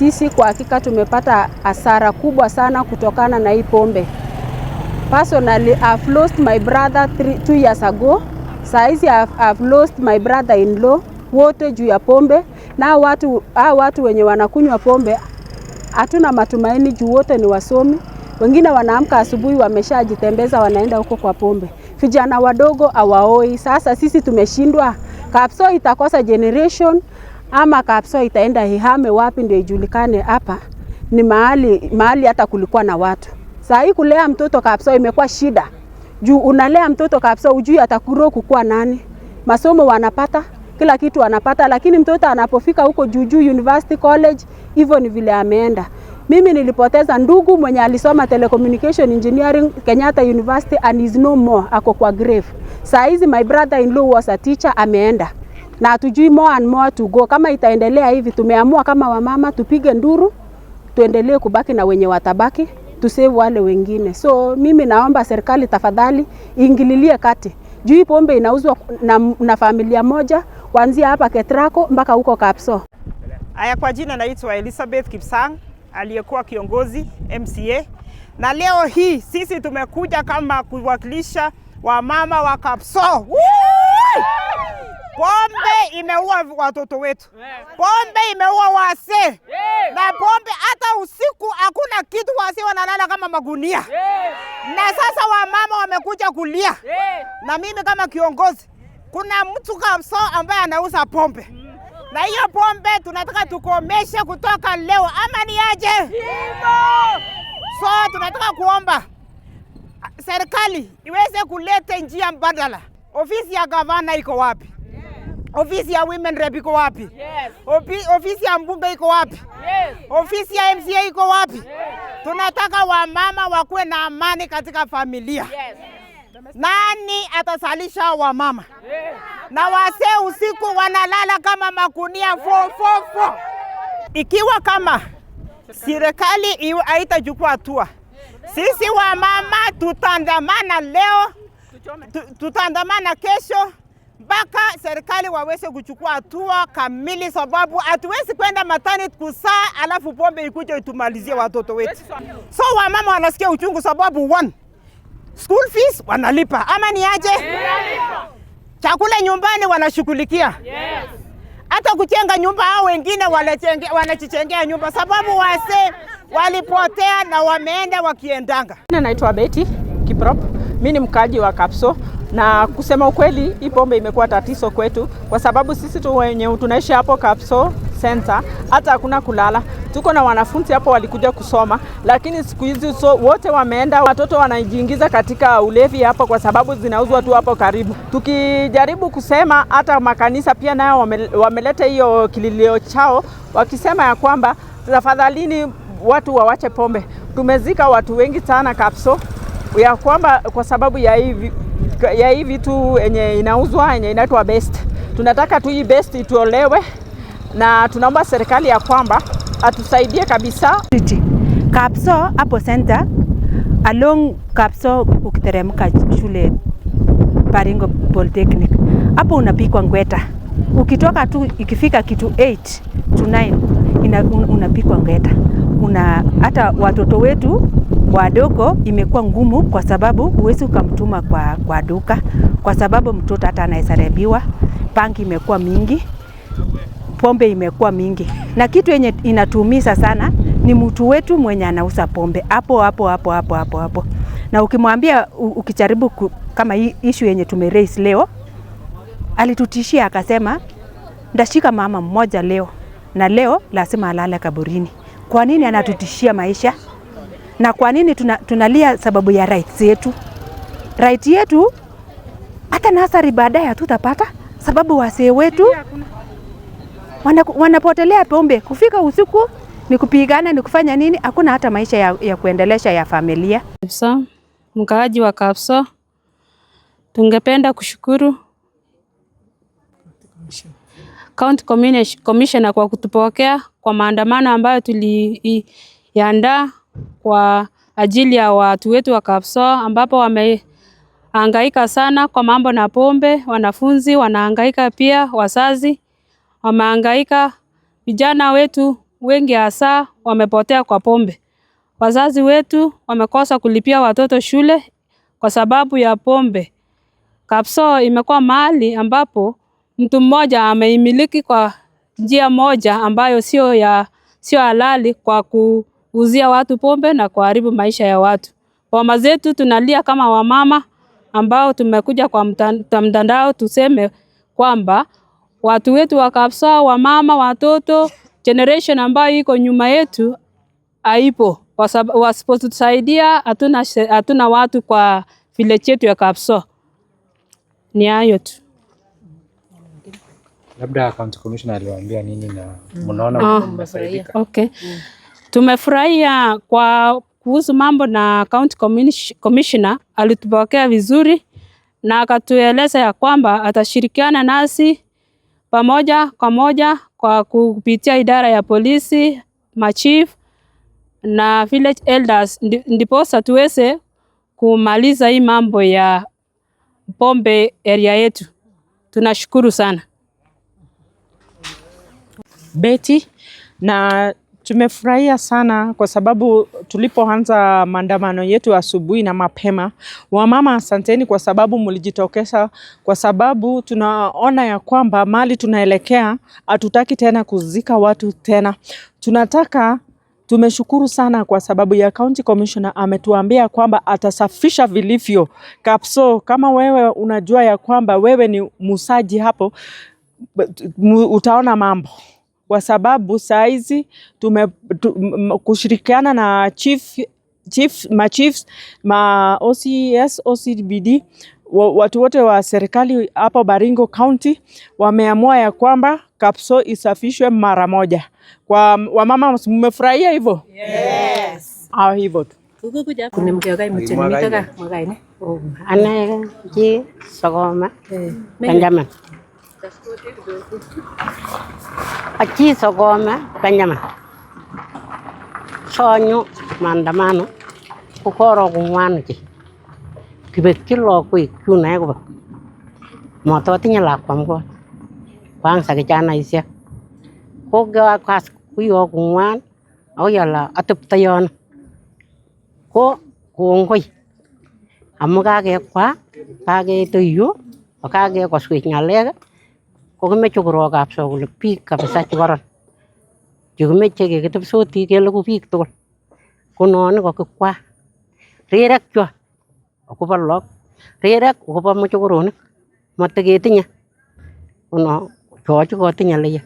sisi kwa hakika tumepata hasara kubwa sana kutokana na hii pombe. Personally, I've lost my brother three, two years ago. Saizi I've, I've lost my brother in law wote juu ya pombe, na watu, hao watu wenye wanakunywa pombe hatuna matumaini juu wote ni wasomi. Wengine wanaamka asubuhi wameshajitembeza wanaenda huko kwa pombe. Vijana wadogo awaoi Sasa sisi tumeshindwa, Kapso itakosa generation ama kapso itaenda ihame wapi ndio ijulikane hapa ni mahali mahali hata kulikuwa na watu. Saa hii kulea mtoto kapso imekuwa shida. Juu unalea mtoto kapso ujui atakuro kukua nani. Masomo wanapata, kila kitu wanapata, lakini mtoto anapofika huko Juju University College hivyo ni vile ameenda. Mimi nilipoteza ndugu mwenye alisoma telecommunication engineering Kenyatta University and is no more, ako kwa grave. Saa hizi my brother in law was a teacher ameenda na hatujui more and more to go. Kama itaendelea hivi, tumeamua kama wamama tupige nduru, tuendelee kubaki na wenye watabaki, tusave wale wengine. So mimi naomba serikali tafadhali iingililie kati juu pombe inauzwa na, na familia moja kuanzia hapa Ketrako mpaka huko Kapso. Haya, kwa jina naitwa Elizabeth Kipsang aliyekuwa kiongozi MCA, na leo hii sisi tumekuja kama kuwakilisha wamama wa Kapso. Pombe imeua watoto wetu, pombe imeua wase na pombe, hata usiku hakuna kitu, wase wanalala kama magunia. Na sasa wamama wamekuja kulia, na mimi kama kiongozi, kuna mtu kamso ambaye anauza pombe, mm. na hiyo pombe tunataka tukomeshe kutoka leo, ama ni aje? So tunataka kuomba serikali iweze kuleta njia mbadala. Ofisi ya gavana iko wapi? Ofisi ya women rep iko wapi? Yes. Opi, ofisi ya mbunge iko wapi? Yes. Ofisi ya MCA iko wapi? Yes. Tunataka wamama wakuwe na amani katika familia. Yes. Nani atasalisha wamama? Yes. Na wasee usiku wanalala kama makunia fo fo fo. Ikiwa kama serikali haitachukua hatua, sisi wamama tutandamana leo, tutandamana kesho mpaka serikali waweze kuchukua hatua kamili, sababu hatuwezi kwenda matani kusaa alafu pombe ikuje itumalizie watoto wetu. So wamama wanasikia uchungu, sababu one school fees wanalipa ama ni aje? Yeah. Chakula nyumbani wanashughulikia, yes. Hata kuchenga nyumba hao wengine wanachichengea nyumba, sababu wase walipotea na wameenda wakiendanga. Naitwa Betty Kiprop, mimi ni mkaaji wa Kapso na kusema ukweli, hii pombe imekuwa tatizo kwetu, kwa sababu sisi tu wenye tunaishi hapo Kapso Center, hata hakuna kulala. Tuko na wanafunzi hapo walikuja kusoma, lakini siku hizi so, wote wameenda, watoto wanajiingiza katika ulevi hapo, kwa sababu zinauzwa tu hapo karibu. Tukijaribu kusema hata makanisa pia nayo wame, wameleta hiyo kililio chao, wakisema ya kwamba tafadhalini watu wawache pombe. Tumezika watu wengi sana Kapso ya kwamba kwa sababu ya hivi ya hii vitu yenye inauzwa yenye inaitwa best. Tunataka tu hii best itolewe na tunaomba serikali ya kwamba atusaidie kabisa. Kapso hapo center along Kapso, ukiteremka shule Baringo Polytechnic hapo unapikwa ngweta, ukitoka tu ikifika kitu 8 to 9 unapikwa ngweta. una hata watoto wetu wadogo imekuwa ngumu, kwa sababu huwezi ukamtuma kwa, kwa duka kwa sababu mtoto hata anahesabiwa. pangi imekuwa mingi, pombe imekuwa mingi, na kitu yenye inatuumiza sana ni mtu wetu mwenye anauza pombe hapo hapo hapo hapo hapo hapo, na ukimwambia ukijaribu kama issue yenye tumeraise leo, alitutishia akasema, ndashika mama mmoja leo na leo lazima alale kaburini. Kwa nini anatutishia maisha? na kwa nini tuna, tunalia sababu ya rights yetu, right yetu hata na baadaye hatutapata, sababu wasee wetu wanapotelea pombe, kufika usiku ni kupigana, ni kufanya nini, hakuna hata maisha ya, ya kuendelesha ya familia. Kapso, mkaaji wa Kapso, tungependa kushukuru County Commissioner kwa kutupokea kwa maandamano ambayo tuliandaa kwa ajili ya watu wetu wa kapso ambapo wamehangaika sana kwa mambo na pombe. Wanafunzi wanahangaika pia, wazazi wamehangaika, vijana wetu wengi hasa wamepotea kwa pombe. Wazazi wetu wamekosa kulipia watoto shule kwa sababu ya pombe. kapso imekuwa mahali ambapo mtu mmoja ameimiliki kwa njia moja ambayo sio ya sio halali kwa ku kuuzia watu pombe na kuharibu maisha ya watu. Mama zetu tunalia kama wamama ambao tumekuja kwa mtandao tuseme kwamba watu wetu wa wamama, watoto, generation ambayo iko nyuma yetu haipo, wasipotusaidia hatuna hatuna watu kwa vile chetu ya Kapsabwa. Ni hayo tu. Labda County Commissioner aliwaambia nini na mm. mnaona ah. mnasaidika? Okay. Mm. Tumefurahia kwa kuhusu mambo na county commissioner, alitupokea vizuri na akatueleza ya kwamba atashirikiana nasi pamoja kwa moja kwa kupitia idara ya polisi, machief na village elders, ndiposa tuweze kumaliza hii mambo ya pombe area yetu. Tunashukuru sana Betty na Tumefurahia sana kwa sababu tulipoanza maandamano yetu asubuhi na mapema, wamama, asanteni kwa sababu mlijitokeza, kwa sababu tunaona ya kwamba mali tunaelekea, hatutaki tena kuzika watu tena, tunataka tumeshukuru sana kwa sababu ya county commissioner ametuambia kwamba atasafisha vilivyo kapso. Kama wewe unajua ya kwamba wewe ni musaji hapo, utaona mambo kwa sababu saizi tume kushirikiana na chief, chief, ma chiefs ma OCS OCBD watu wote wa serikali hapo Baringo County wameamua ya kwamba Kapso isafishwe mara moja. Kwa wamama mmefurahia hivyo? Yes. Au hivyo tu. Oh, sogoma. Eh. Benjamin. Pachis ogome penyama sonyo maandamano kukoro kumwanu chi kibek chilo kuik chunae kubek moto tinye lakwam kot kwanza kijanaisiek ko kwakas kuyo kungwan ako yala atepto yon ko kongoi amu kakekwa kaketuiyo kakekoswech ng'alek kogome chokorook ab soo kole biik kabisa chekoron chekimeche kekitepsoti kelugu biik tugul konooni kokikwaa rirek chwa akobo look rirek akobo mochokoronik mataketinye kono chochu kotinye liya